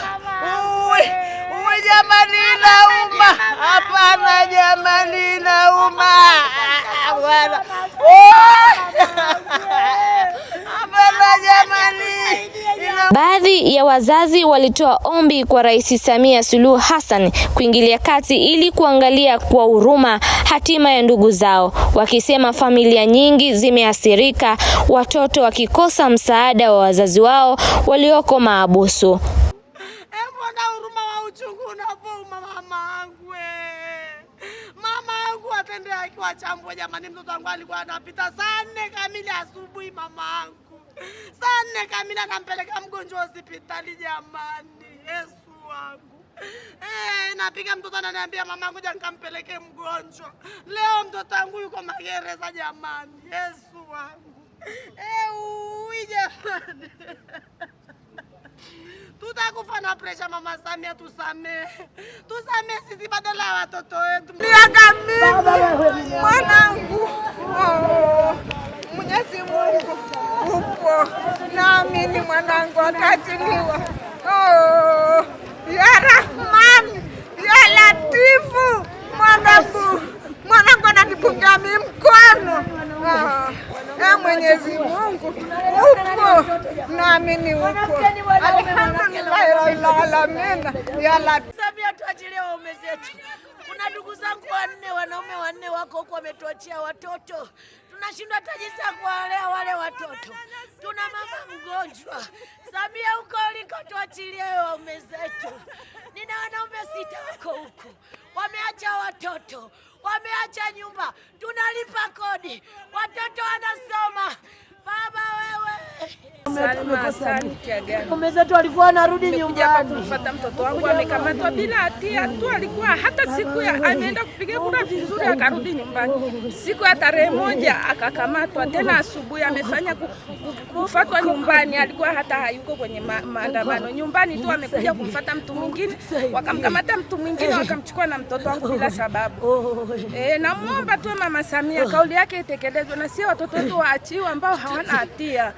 nauma, uy jamani, nauma. Hapana jamani, nauma bwana, Baadhi ya wazazi walitoa ombi kwa Rais Samia Suluhu Hassan kuingilia kati ili kuangalia kwa huruma hatima ya ndugu zao, wakisema familia nyingi zimeathirika, watoto wakikosa msaada wa wazazi wao walioko maabusu hapo mama angu, mama angu atende akiwa chambo. Jamani, mtoto wangu alikuwa anapita saa nne kamili asubuhi, mama angu saa nne kamili anampeleka mgonjwa hospitali. Jamani, Yesu wangu. Hey, eh, napiga mtoto ananiambia mama, ngoja nikampeleke mgonjwa leo. Mtoto wangu yuko magereza jamani, Yesu wangu. Hey, eh, ui jamani tutakufa na presha. Mama Samia tusamee tusamehe sisi badala ya watoto wetu. Miaka mingi mwanangu, oh, Mwenyezi Mungu upo, naamini mwanangu atatiliwa. Oh, ya Rahman ya Latifu, mwanangu mwanangu ananipunga mimi mkono. Oh. Mwenyezi Mungu uko naamini uko. Alhamdulillahi rabbil alamin. Samia, tuachilie waume zetu. Kuna ndugu zangu wanne wanaume wanne wako huko wametuachia watoto, tunashindwa hata jinsi ya kuwalea wale watoto. Tuna mama mgonjwa. Samia, huko uliko tuachilie waume zetu. Nina wanaume sita wako huko wameacha watoto wameacha nyumba, tunalipa kodi, watoto wanasoma mume zetu alikuwa anarudi nyumbani kufuata mtoto wangu, amekamatwa bila hatia tu. Alikuwa hata siku ya ameenda kupiga kura vizuri, akarudi nyumbani siku ya tarehe moja akakamatwa tena asubuhi, amefanya kufatwa nyumbani. Alikuwa hata hayuko kwenye maandamano, nyumbani tu amekuja kumfata mtu mwingine, wakamkamata mtu mwingine, wakamchukua na mtoto wangu bila sababu. E, namwomba tu Mama Samia kauli yake itekelezwe na sio watoto wetu waachiwa ambao hawana hatia.